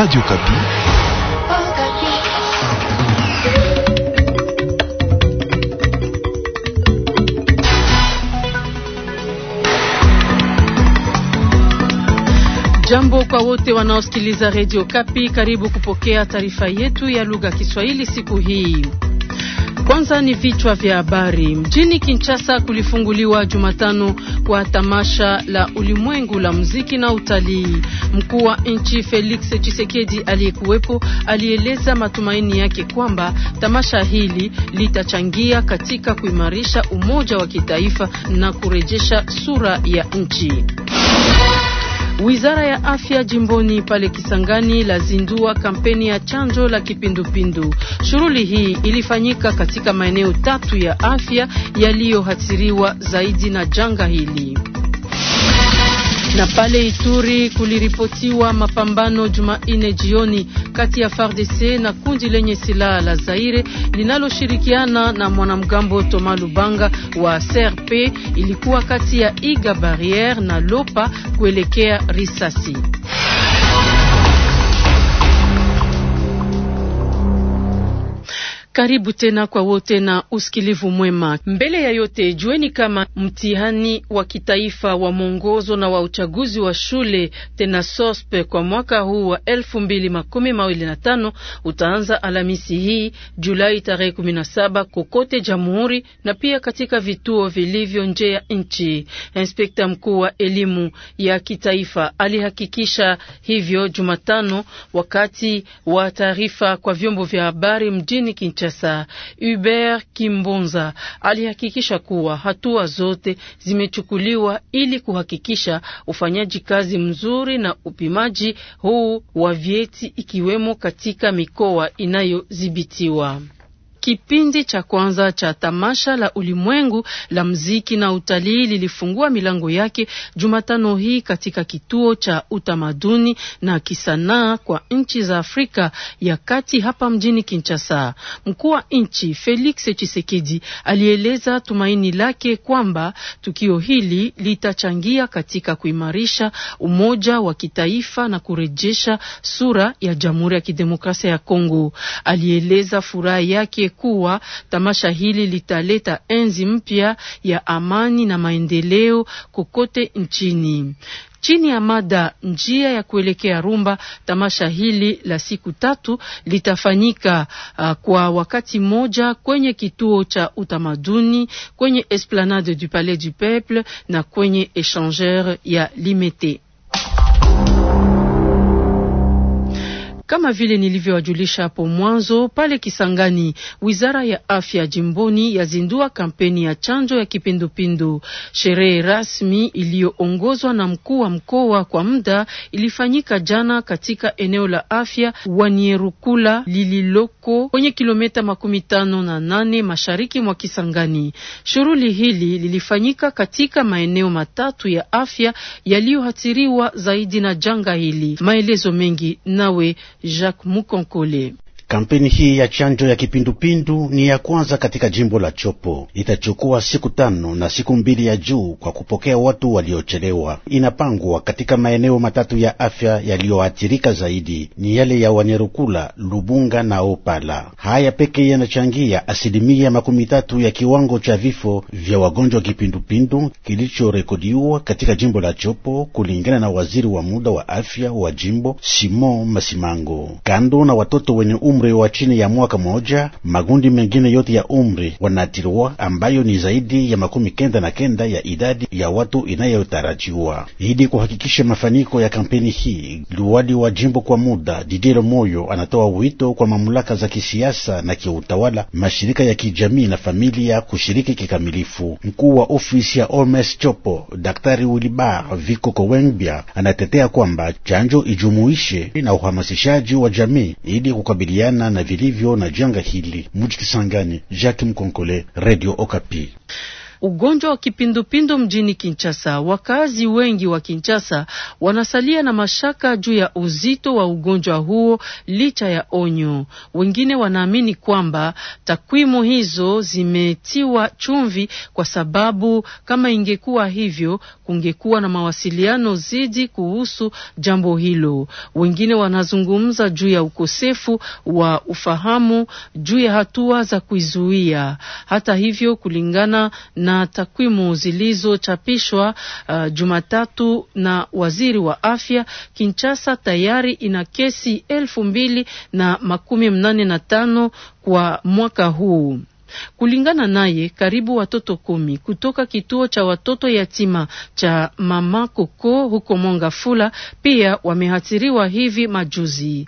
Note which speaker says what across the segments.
Speaker 1: Radio Kapi.
Speaker 2: Jambo kwa wote wanaosikiliza Radio Kapi, karibu kupokea taarifa yetu ya lugha Kiswahili siku hii. Kwanza ni vichwa vya habari. Mjini Kinshasa kulifunguliwa Jumatano kwa tamasha la ulimwengu la muziki na utalii. Mkuu wa nchi Felix Tshisekedi aliyekuwepo alieleza matumaini yake kwamba tamasha hili litachangia katika kuimarisha umoja wa kitaifa na kurejesha sura ya nchi. Wizara ya afya jimboni pale Kisangani lazindua kampeni ya chanjo la kipindupindu. Shughuli hii ilifanyika katika maeneo tatu ya afya yaliyohatiriwa zaidi na janga hili. Na pale Ituri kuliripotiwa mapambano Jumanne jioni kati ya FARDC na kundi lenye silaha la Zaire linaloshirikiana na mwanamgambo thomas Lubanga wa CRP. Ilikuwa kati ya Iga Barriere na Lopa kuelekea Risasi. Karibu tena kwa wote na usikilivu mwema. Mbele ya yote, jueni kama mtihani wa kitaifa wa mwongozo na wa uchaguzi wa shule tena sospe kwa mwaka huu wa elfu mbili makumi mawili na tano utaanza Alhamisi hii Julai tarehe kumi na saba kokote jamhuri na pia katika vituo vilivyo nje ya nchi. Inspekta mkuu wa elimu ya kitaifa alihakikisha hivyo Jumatano wakati wa taarifa kwa vyombo vya habari mjini Kinshasa. Kinshasa, Hubert Kimbonza, alihakikisha kuwa hatua zote zimechukuliwa ili kuhakikisha ufanyaji kazi mzuri na upimaji huu wa vyeti ikiwemo katika mikoa inayodhibitiwa. Kipindi cha kwanza cha tamasha la ulimwengu la mziki na utalii lilifungua milango yake Jumatano hii katika kituo cha utamaduni na kisanaa kwa nchi za Afrika ya Kati hapa mjini Kinshasa. Mkuu wa nchi Felix Tshisekedi alieleza tumaini lake kwamba tukio hili litachangia katika kuimarisha umoja wa kitaifa na kurejesha sura ya Jamhuri ya Kidemokrasia ya Kongo. Alieleza furaha yake kuwa tamasha hili litaleta enzi mpya ya amani na maendeleo kokote nchini. Chini ya mada njia ya kuelekea Rumba, tamasha hili la siku tatu litafanyika uh, kwa wakati mmoja kwenye kituo cha utamaduni, kwenye Esplanade du Palais du Peuple na kwenye Echangeur ya Limete. Kama vile nilivyowajulisha hapo mwanzo, pale Kisangani, wizara ya afya jimboni yazindua kampeni ya chanjo ya kipindupindu. Sherehe rasmi iliyoongozwa na mkuu wa mkoa kwa muda ilifanyika jana katika eneo la afya wanierukula lililoko kwenye kilometa makumi tano na nane mashariki mwa Kisangani. Shughuli hili lilifanyika katika maeneo matatu ya afya yaliyohatiriwa zaidi na janga hili. Maelezo mengi nawe Jacques Mukonkole.
Speaker 1: Kampeni hii ya chanjo ya kipindupindu ni ya kwanza katika jimbo la Chopo. Itachukua siku tano na siku mbili ya juu kwa kupokea watu waliochelewa. Inapangwa katika maeneo matatu ya afya yaliyoathirika zaidi, ni yale ya Wanyerukula, Lubunga na Opala. Haya pekee yanachangia asilimia makumi tatu ya kiwango cha vifo vya wagonjwa kipindupindu kilichorekodiwa katika jimbo la Chopo, kulingana na waziri wa muda wa afya wa jimbo Simon Masimango. Kando na watoto wenye umri wa chini ya mwaka moja. magundi mengine yote ya umri wanatiriwa, ambayo ni zaidi ya makumi kenda na kenda ya idadi ya watu inayotarajiwa. Ili kuhakikisha mafaniko ya kampeni hii, liwali wa jimbo kwa muda Didiro Moyo anatoa wito kwa mamlaka za kisiasa na kiutawala, mashirika ya kijamii na familia kushiriki kikamilifu. Mkuu wa ofisi ya Omes Chopo Daktari Wilibar Viko Kowengbia anatetea kwamba chanjo ijumuishe na uhamasishaji wa jamii ili kukabiliana kukabiliana na vilivyo na janga hili. Muji Kisangani, Jacques Mkonkole, Radio Okapi.
Speaker 2: Ugonjwa wa kipindupindu mjini Kinshasa. Wakazi wengi wa Kinshasa wanasalia na mashaka juu ya uzito wa ugonjwa huo licha ya onyo. Wengine wanaamini kwamba takwimu hizo zimetiwa chumvi, kwa sababu kama ingekuwa hivyo, kungekuwa na mawasiliano zidi kuhusu jambo hilo. Wengine wanazungumza juu ya ukosefu wa ufahamu juu ya hatua za kuizuia. Hata hivyo, kulingana na takwimu zilizochapishwa uh, Jumatatu na waziri wa afya, Kinshasa tayari ina kesi elfu mbili na makumi mnane na tano kwa mwaka huu. Kulingana naye, karibu watoto kumi kutoka kituo cha watoto yatima cha Mama Koko huko Mongafula pia wameathiriwa hivi majuzi.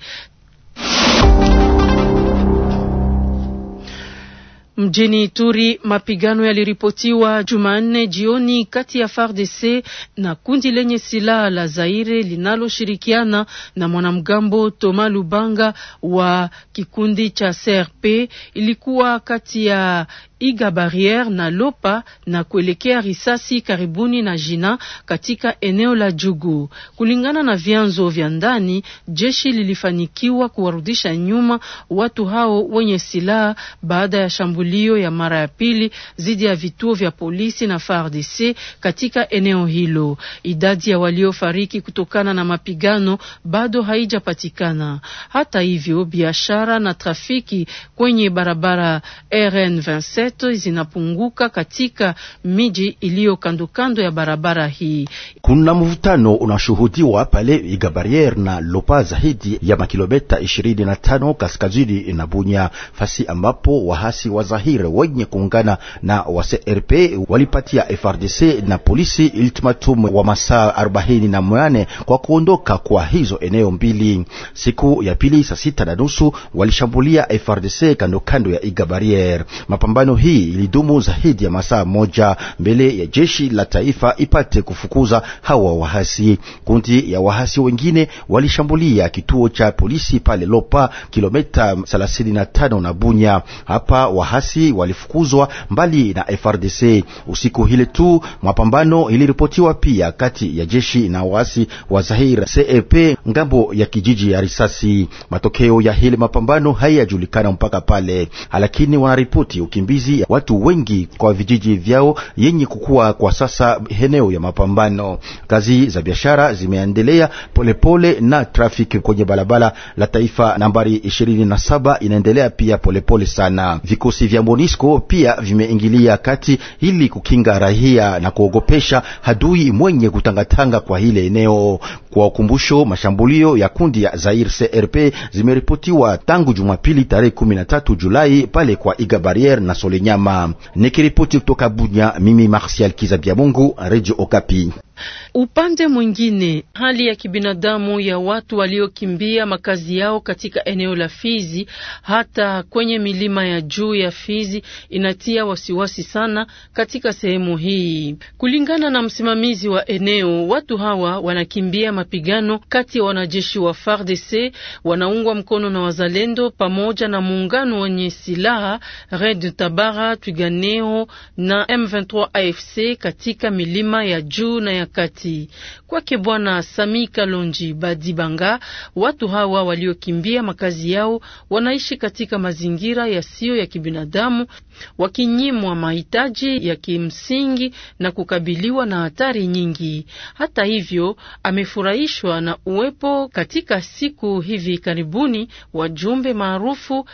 Speaker 2: Mjini Ituri mapigano yaliripotiwa Jumanne jioni kati ya FARDC na kundi lenye silaha la Zaire linaloshirikiana na mwanamgambo thomas Lubanga wa kikundi cha CRP. Ilikuwa kati ya Iga Barriere na Lopa na kuelekea risasi karibuni na Jina katika eneo la Jugu. Kulingana na vyanzo vya ndani, jeshi lilifanikiwa kuwarudisha nyuma watu hao wenye silaha baada ya shambulio ya mara ya pili dhidi ya vituo vya polisi na FARDC katika eneo hilo. Idadi ya waliofariki kutokana na mapigano bado haijapatikana. Hata hivyo, biashara na trafiki kwenye barabara RN joto zinapunguka katika miji iliyo kando kando ya barabara hii.
Speaker 3: Kuna mvutano unashuhudiwa pale Igabariere na Lopa zaidi ya makilometa 25 kaskazini na Bunya fasi ambapo wahasi wa Zahire wenye kuungana na wa CRP walipatia FRDC na polisi ultimatum wa masaa arobaini na kwa kuondoka kwa hizo eneo mbili. Siku ya pili saa sita na nusu walishambulia FRDC kando kando ya Igabariere mapambano Mikutano hii ilidumu zaidi ya masaa moja mbele ya jeshi la taifa ipate kufukuza hawa wahasi. Kundi ya wahasi wengine walishambulia kituo cha polisi pale Lopa, kilomita 35 na Bunya. Hapa wahasi walifukuzwa mbali na FRDC. Usiku hile tu mapambano iliripotiwa pia kati ya jeshi na wahasi wa Zahir CEP ngambo ya kijiji ya risasi. Matokeo ya hile mapambano hayajulikana mpaka pale, lakini wanaripoti ukimbizi wakimbizi watu wengi kwa vijiji vyao yenye kukua kwa sasa eneo ya mapambano. Kazi za biashara zimeendelea polepole na trafiki kwenye barabara la taifa nambari 27 inaendelea pia polepole pole sana. Vikosi vya Monisco pia vimeingilia kati ili kukinga rahia na kuogopesha hadui mwenye kutangatanga kwa hile eneo. Kwa ukumbusho, mashambulio ya kundi ya Zair CRP zimeripotiwa tangu Jumapili tarehe 13 Julai pale kwa Iga Barriere na Sol Mulenyama. Nikiripoti kutoka Bunya, mimi Martial Kizabia Mungu,
Speaker 2: Radio Okapi. Upande mwingine, hali ya kibinadamu ya watu waliokimbia makazi yao katika eneo la Fizi hata kwenye milima ya juu ya Fizi inatia wasiwasi sana katika sehemu hii. Kulingana na msimamizi wa eneo, watu hawa wanakimbia mapigano kati ya wanajeshi wa FARDC wanaungwa mkono na wazalendo pamoja na muungano wenye silaha Red Tabara, Twiganeo na M23 AFC katika milima ya juu na ya kati. Kwake Bwana Sami Kalonji Badibanga, watu hawa waliokimbia makazi yao wanaishi katika mazingira yasiyo ya kibinadamu, wakinyimwa mahitaji ya kimsingi na kukabiliwa na hatari nyingi. Hata hivyo, amefurahishwa na uwepo katika siku hivi karibuni wajumbe maarufu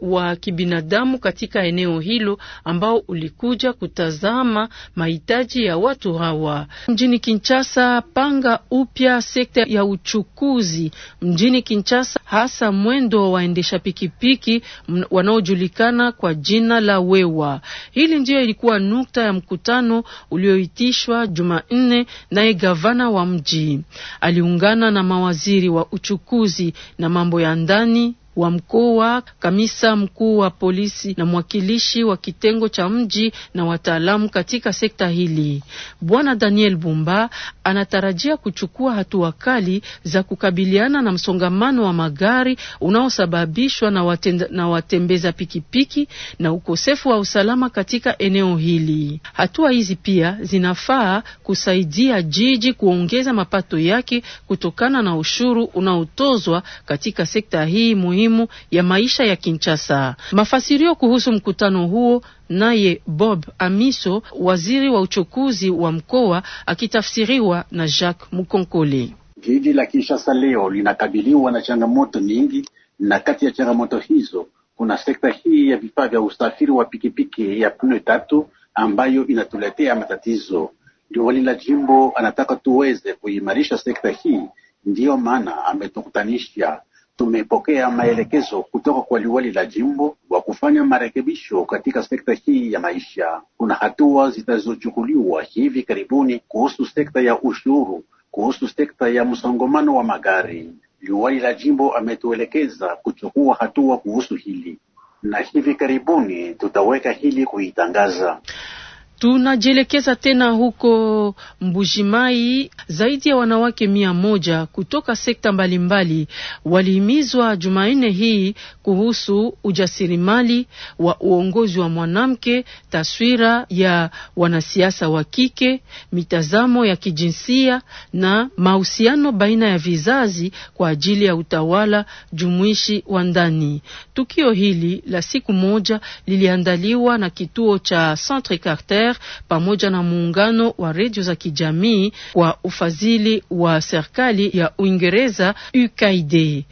Speaker 2: wa kibinadamu katika eneo hilo ambao ulikuja kutazama mahitaji ya watu hawa Njini mjini Kinshasa, panga upya sekta ya uchukuzi mjini Kinshasa, hasa mwendo wa waendesha pikipiki wanaojulikana kwa jina la wewa. Hili ndiyo ilikuwa nukta ya mkutano ulioitishwa Jumanne, naye gavana wa mji aliungana na mawaziri wa uchukuzi na mambo ya ndani wa mkoa, kamisa mkuu wa polisi na mwakilishi wa kitengo cha mji na wataalamu katika sekta hili. Bwana Daniel Bumba anatarajia kuchukua hatua kali za kukabiliana na msongamano wa magari unaosababishwa na, na watembeza pikipiki na ukosefu wa usalama katika eneo hili. Hatua hizi pia zinafaa kusaidia jiji kuongeza mapato yake kutokana na ushuru unaotozwa katika sekta hii muhimu muhimu ya maisha ya Kinshasa. Mafasirio kuhusu mkutano huo naye Bob Amiso, waziri wa uchukuzi wa mkoa, akitafsiriwa na Jacques Mukonkole.
Speaker 1: Jiji la Kinshasa leo linakabiliwa na changamoto nyingi, na kati ya changamoto hizo kuna sekta hii ya vifaa vya usafiri wa pikipiki ya pneu tatu ambayo inatuletea matatizo. Liwali la jimbo anataka tuweze kuimarisha sekta hii, ndiyo maana ametukutanisha Tumepokea maelekezo kutoka kwa liwali la jimbo wa kufanya marekebisho katika sekta hii ya maisha. Kuna hatua zitazochukuliwa hivi karibuni kuhusu sekta ya ushuru, kuhusu sekta ya msongamano wa magari. Liwali la jimbo ametuelekeza kuchukua hatua kuhusu hili, na hivi karibuni tutaweka hili kuitangaza.
Speaker 2: Tunajielekeza tena huko Mbujimai. Zaidi ya wanawake mia moja kutoka sekta mbalimbali walihimizwa Jumanne hii kuhusu ujasiriamali wa uongozi wa mwanamke, taswira ya wanasiasa wa kike, mitazamo ya kijinsia na mahusiano baina ya vizazi kwa ajili ya utawala jumuishi wa ndani. Tukio hili la siku moja liliandaliwa na kituo cha Centre Carter Voltaire pamoja na muungano wa redio za kijamii kwa ufadhili wa serikali ya Uingereza UKID.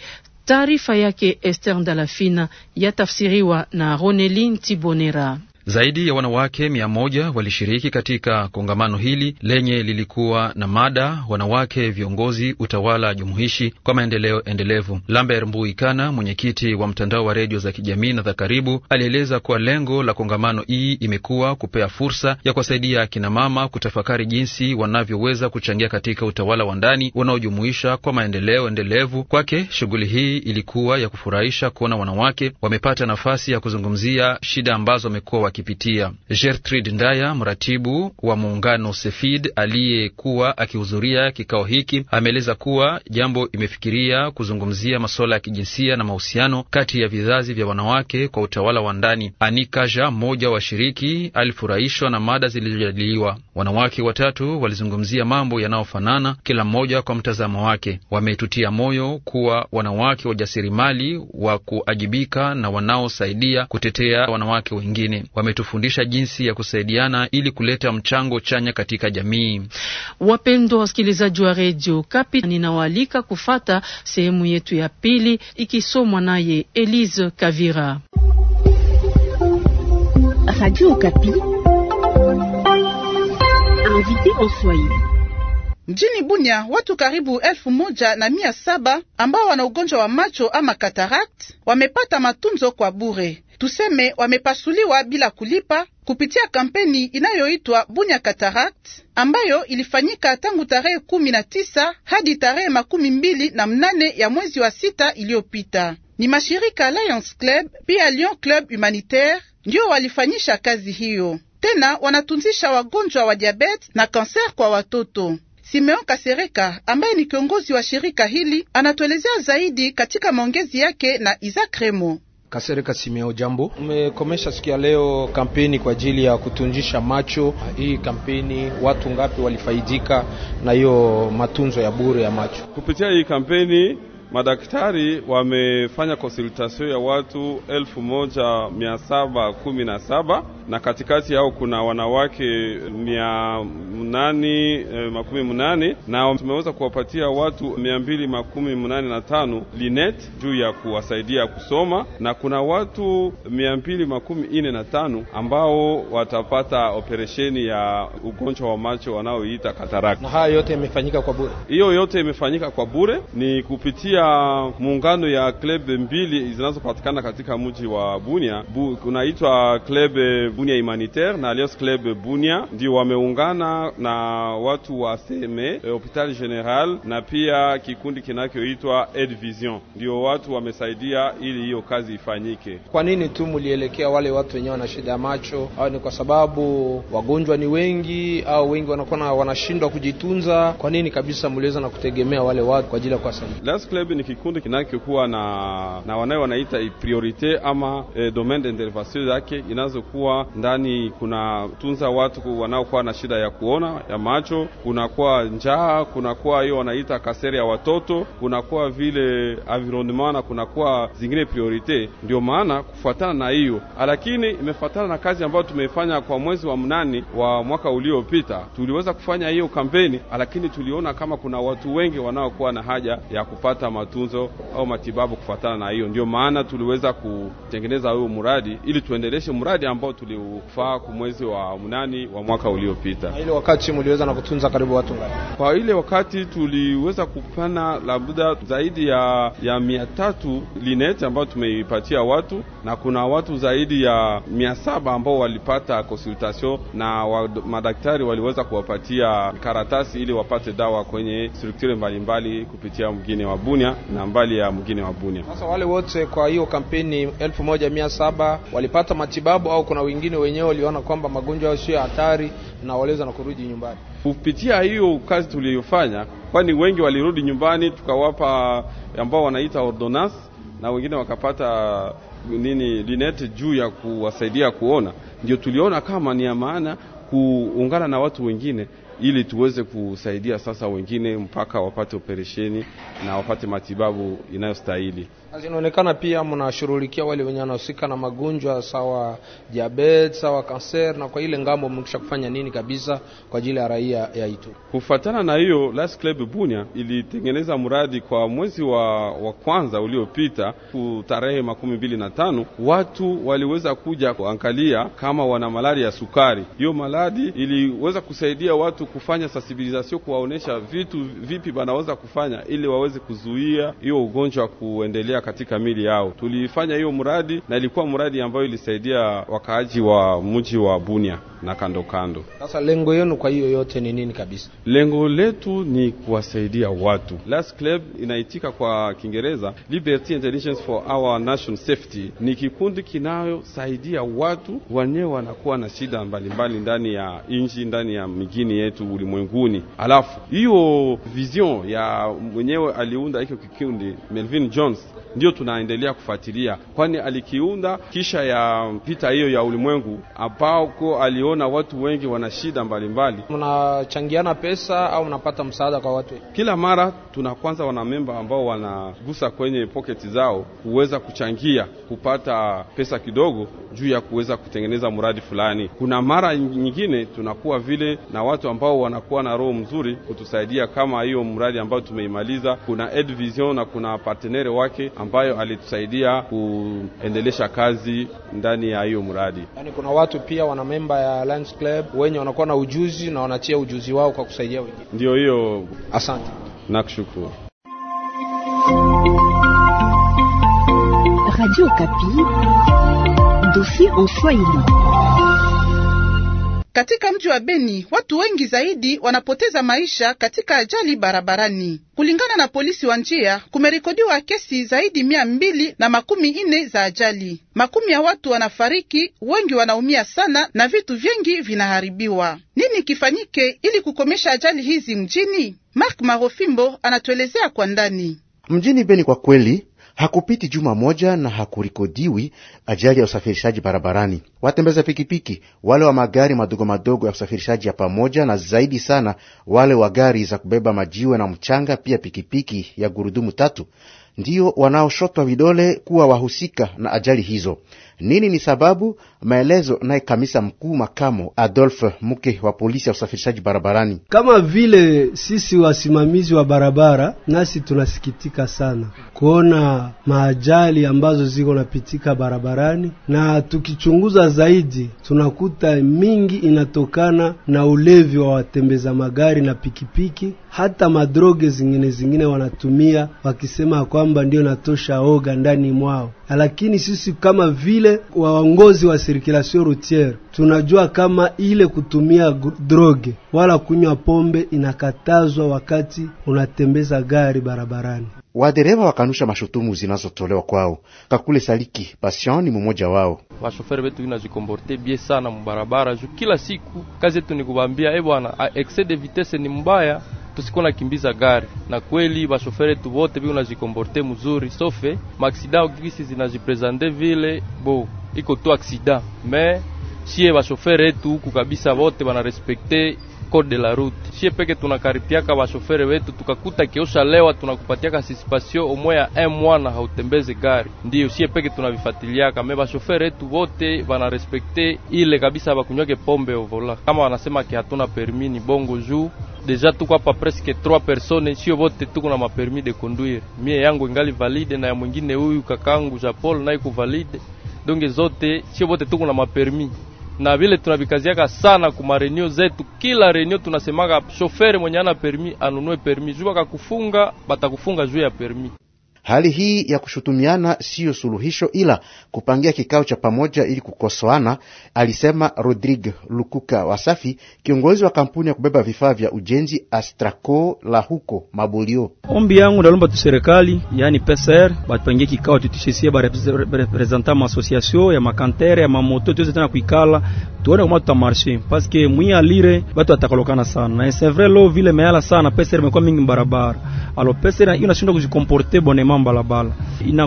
Speaker 2: Taarifa yake Esther dalafina yatafsiriwa na Ronelin Tibonera.
Speaker 4: Zaidi ya wanawake mia moja walishiriki katika kongamano hili lenye lilikuwa na mada wanawake viongozi, utawala jumuishi kwa maendeleo endelevu. Lambert Mbuikana, mwenyekiti wa mtandao wa redio za kijamii na za karibu, alieleza kuwa lengo la kongamano hii imekuwa kupea fursa ya kuwasaidia akinamama kutafakari jinsi wanavyoweza kuchangia katika utawala wa ndani unaojumuisha kwa maendeleo endelevu. Kwake shughuli hii ilikuwa ya kufurahisha kuona wanawake wamepata nafasi ya kuzungumzia shida ambazo wamekuwa wakipitia. Gertrude Ndaya, mratibu wa muungano Sefid aliyekuwa akihudhuria kikao hiki, ameeleza kuwa jambo imefikiria kuzungumzia masuala ya kijinsia na mahusiano kati ya vizazi vya wanawake kwa utawala wa ndani. Anikaja, mmoja wa shiriki alifurahishwa na mada zilizojadiliwa. Wanawake watatu walizungumzia mambo yanayofanana, kila mmoja kwa mtazamo wake. Wametutia moyo kuwa wanawake wajasiriamali wa kuajibika na wanaosaidia kutetea wanawake wengine Wame wametufundisha jinsi ya kusaidiana ili kuleta mchango chanya katika jamii.
Speaker 2: Wapendwa wasikilizaji wa redio Kapi, ninawaalika kufata sehemu yetu ya pili ikisomwa naye Elise Kavira.
Speaker 5: Radio Kapi. Mjini Bunya watu karibu elfu moja na mia saba ambao wana ugonjwa wa macho ama katarakt wamepata matunzo kwa bure, tuseme wamepasuliwa bila kulipa kupitia kampeni inayoitwa Bunya Katarakt ambayo ilifanyika tangu tarehe kumi na tisa hadi tarehe makumi mbili na mnane ya mwezi wa sita iliyopita. Ni mashirika Lions Club pia Lyon Club Humanitaire ndio walifanyisha kazi hiyo. Tena wanatunzisha wagonjwa wa diabete na kanser kwa watoto. Simeon Kasereka ambaye ni kiongozi wa shirika hili anatuelezea zaidi katika maongezi yake na Isaac Remo.
Speaker 6: Kasereka Simeo, jambo. Umekomesha siku ya leo kampeni kwa ajili ya kutunjisha macho. Hii kampeni, watu ngapi walifaidika na hiyo matunzo ya bure ya macho kupitia hii kampeni?
Speaker 7: Madaktari wamefanya konsultasio ya watu elfu moja mia saba kumi na saba na katikati yao kuna wanawake mia mnani eh, makumi mnani na tumeweza kuwapatia watu mia mbili makumi mnani na tano linet juu ya kuwasaidia kusoma, na kuna watu mia mbili makumi na tano ambao watapata operesheni ya ugonjwa wa macho wanaoita katarakta. Na
Speaker 6: haya yote yamefanyika kwa bure,
Speaker 7: hiyo yote imefanyika kwa bure ni kupitia ya muungano ya club mbili zinazopatikana katika mji wa Bunia Bu, kunaitwa club Bunia Humanitaire na Alliance club Bunia ndio wameungana na watu wa seme eh, hopital general na pia kikundi kinachoitwa Ed Vision, ndio watu wamesaidia ili hiyo kazi ifanyike.
Speaker 6: Kwa nini tu mulielekea wale watu wenyewe wana shida ya macho, au ni kwa sababu wagonjwa ni wengi, au wengi wanakuwa wanashindwa kujitunza? Kwa nini kabisa muliweza na kutegemea wale watu kwa ajili ya kuwasaidia? Last club hivi ni kikundi
Speaker 7: kinachokuwa na, na wanayo wanaita priorite ama e, domaine d'intervention yake inazokuwa ndani. Kuna tunza watu wanaokuwa na shida ya kuona ya macho, kunakuwa njaa, kunakuwa hiyo wanaita kaseri ya watoto, kunakuwa vile environnement na kunakuwa zingine priorite. Ndio maana kufuatana na hiyo lakini imefuatana na kazi ambayo tumeifanya kwa mwezi wa mnani wa mwaka uliopita, tuliweza kufanya hiyo kampeni, lakini tuliona kama kuna watu wengi wanaokuwa na haja ya kupata matunzo au matibabu kufuatana na hiyo. Ndio maana tuliweza kutengeneza huyo mradi ili tuendeleshe mradi ambao tuliufaa mwezi wa mnani wa mwaka uliopita. Ile
Speaker 6: wakati mliweza na kutunza karibu watu
Speaker 7: kwa ile wakati tuliweza kupana labda zaidi ya, ya mia tatu lineti ambayo tumeipatia watu na kuna watu zaidi ya mia saba ambao walipata consultation na wa, madaktari waliweza kuwapatia karatasi ili wapate dawa kwenye strukture mbalimbali kupitia mgine wa buni Bunia na mbali ya mwingine wa Bunia.
Speaker 6: Sasa wale wote kwa hiyo kampeni elfu moja mia saba walipata matibabu au kuna wengine wenyewe waliona kwamba magonjwa yao sio hatari na waliweza na kurudi nyumbani
Speaker 7: kupitia hiyo kazi tuliyofanya, kwani wengi walirudi nyumbani, tukawapa ambao wanaita ordonance na wengine wakapata nini linete juu ya kuwasaidia kuona. Ndio tuliona kama ni ya maana kuungana na watu wengine ili tuweze kusaidia sasa wengine mpaka wapate operesheni na wapate matibabu inayostahili.
Speaker 6: Inaonekana pia mnashughulikia wale wenye wanahusika na magonjwa sawa diabetes, sawa kanser, na kwa ile ngambo mmekisha kufanya nini kabisa kwa ajili ya raia ya itu?
Speaker 7: Kufuatana na hiyo, Last Club Bunya ilitengeneza mradi kwa mwezi wa, wa kwanza uliopita tarehe makumi mbili na tano watu waliweza kuja kuangalia kama wana malaria ya sukari. Hiyo maladi iliweza kusaidia watu watu kufanya sensibilisation, kuwaonesha vitu vipi wanaweza kufanya ili waweze kuzuia hiyo ugonjwa kuendelea katika mili yao. Tulifanya hiyo mradi na ilikuwa mradi ambayo ilisaidia wakaaji wa mji wa Bunia na kando kando.
Speaker 6: Sasa lengo yenu kwa hiyo yote ni nini kabisa?
Speaker 7: Lengo letu ni kuwasaidia watu. Last Club inaitika kwa Kiingereza Liberty Intelligence for our National Safety, ni kikundi kinayosaidia watu wenyewe wanakuwa na shida mbalimbali ndani ya nchi, ndani ya migini yetu ulimwenguni. Alafu hiyo vision ya mwenyewe aliunda hicho kikundi Melvin Jones ndio tunaendelea kufuatilia, kwani alikiunda kisha ya vita hiyo ya ulimwengu, ambako aliona watu wengi wana shida mbalimbali. Mnachangiana
Speaker 6: pesa au mnapata msaada kwa watu?
Speaker 7: Kila mara tunakwanza wanamemba ambao wanagusa kwenye poketi zao kuweza kuchangia kupata pesa kidogo juu ya kuweza kutengeneza mradi fulani. Kuna mara nyingine tunakuwa vile na watu ambao wanakuwa na roho mzuri kutusaidia, kama hiyo mradi ambao tumeimaliza, kuna Edvision na kuna partenere wake ambayo alitusaidia kuendelesha kazi ndani ya hiyo mradi.
Speaker 6: Yani kuna watu pia wana memba ya Lions Club wenye wanakuwa na ujuzi na wanachia ujuzi wao kwa kusaidia wengine.
Speaker 7: Ndio hiyo. Asante na kushukuru.
Speaker 5: Radio Kapi, dossier en Swahili. Katika mji wa Beni watu wengi zaidi wanapoteza maisha katika ajali barabarani. Kulingana na polisi wa njia, kumerekodiwa kesi zaidi mia mbili na makumi nne za ajali. Makumi ya watu wanafariki, wengi wanaumia sana na vitu vyengi vinaharibiwa. Nini kifanyike ili kukomesha ajali hizi mjini? Mark Marofimbo anatuelezea kwa ndani. Mjini Beni kwa
Speaker 8: kweli Hakupiti juma moja na hakurikodiwi ajali ya usafirishaji barabarani. Watembeza pikipiki, wale wa magari madogo madogo ya usafirishaji ya pamoja, na zaidi sana wale wa gari za kubeba majiwe na mchanga, pia pikipiki ya gurudumu tatu ndio wanaoshotwa vidole kuwa wahusika na ajali hizo. Nini ni sababu? Maelezo naye kamisa mkuu makamo Adolf Muke wa polisi ya usafirishaji barabarani. Kama
Speaker 6: vile sisi wasimamizi wa barabara, nasi tunasikitika sana kuona maajali ambazo ziko napitika barabarani, na tukichunguza zaidi tunakuta mingi inatokana na ulevi wa watembeza magari na pikipiki hata madroge zingine zingine wanatumia wakisema kwamba ndio natosha oga ndani mwao, lakini sisi kama vile waongozi wa circulation routiere tunajua kama ile kutumia droge wala kunywa pombe inakatazwa wakati unatembeza gari barabarani.
Speaker 8: Wadereva wakanusha mashutumu zinazotolewa kwao. Kakule Saliki Pasion ni mmoja wao.
Speaker 9: Bashoferi betu inajikomporte bie sana mubarabara kila siku kazi yetu ni kubambia, ebwana eh excès de vitesse ni mbaya tusikuwa nakimbiza gari, na kweli bashofere tu bote biko najikomporte mzuri, sofe eh, maaksida gisi zinajipresente vile bo iko tu aksida me shie bashofere etu huku kabisa bote banarespekte code de la route. Shie peke tunakaritiaka bashofere wetu, tukakuta kiosha lewa tunakupatiaka sisipasio omwe ya m mwana hautembeze gari, ndiyo shie peke tunavifatiliaka. Me bashofere wetu wote banarespekte ile kabisa, bakunywake pombe ovola kama wanasema ke hatuna permis bongo juu deja tuko hapa presque trois personnes, sio wote tuko na mapermis de conduire. Mie yangu ingali valide na ya mwingine huyu kakangu Japol naye ku valide, donge zote sio bote tuko na mapermi na vile tunavikaziaka sana kuma renio zetu. Kila renio tunasemaka shofere mwenye ana permis anunue permis juu akakufunga batakufunga juu ya permis Hali
Speaker 8: hii ya kushutumiana siyo suluhisho, ila kupangia kikao cha pamoja ili kukosoana, alisema Rodrigue Lukuka Wasafi, kiongozi wa kampuni ya kubeba vifaa vya ujenzi Astraco la huko Mabolio.
Speaker 10: Ombi yangu nalomba tu serikali, yani PCR, batupangie kikao tutishisie barepresenta ma association ya makantere ya mamoto, tuweze tena kuikala tuone kama tutamarshe paske mwi alire batu atakalokana sana na lo vile meala sana mingi alo inashindwa kujikomporte bonema vraiment balabala.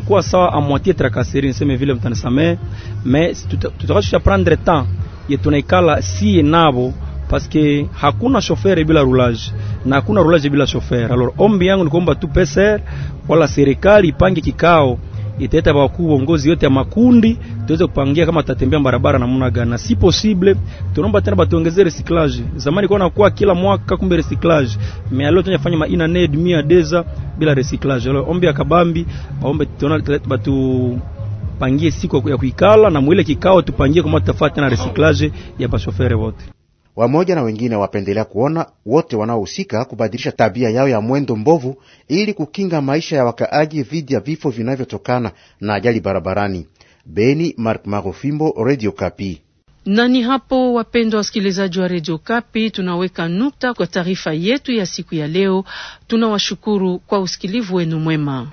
Speaker 10: quoi ça à moitié trakaseri, niseme vile, mtanisamehe, mais tu tutakacho prendre le temps Il ye tunaikala si et nabo parce que hakuna shofere bila roulage na hakuna roulage bila chauffeur. Alors ombi yangu ni kuomba tu PCR wala serikali ipange kikao itaita wakuu viongozi yote ya makundi tuweze kupangia kama tatembea barabara namna gani, na si possible, tunaomba tena batuongezee recyclage. Zamani kwa nakuwa kila mwaka kumbe recyclage, mais leo tunafanya maina ned need mia deza bila recyclage. Alors ombi akabambi baombe tona batu pangie siku ya kuikala na mwile kikao tupangie kama tutafuata na recyclage ya bashofere wote.
Speaker 8: Wamoja na wengine wapendelea kuona wote wanaohusika kubadilisha tabia yao ya mwendo mbovu ili kukinga maisha ya wakaaji dhidi ya vifo vinavyotokana na ajali barabarani. Beni, Mark Marofimbo, Radio Kapi.
Speaker 2: Na ni hapo, wapendwa wasikilizaji wa redio Kapi, tunaweka nukta kwa taarifa yetu ya siku ya leo. Tunawashukuru kwa usikilivu wenu mwema.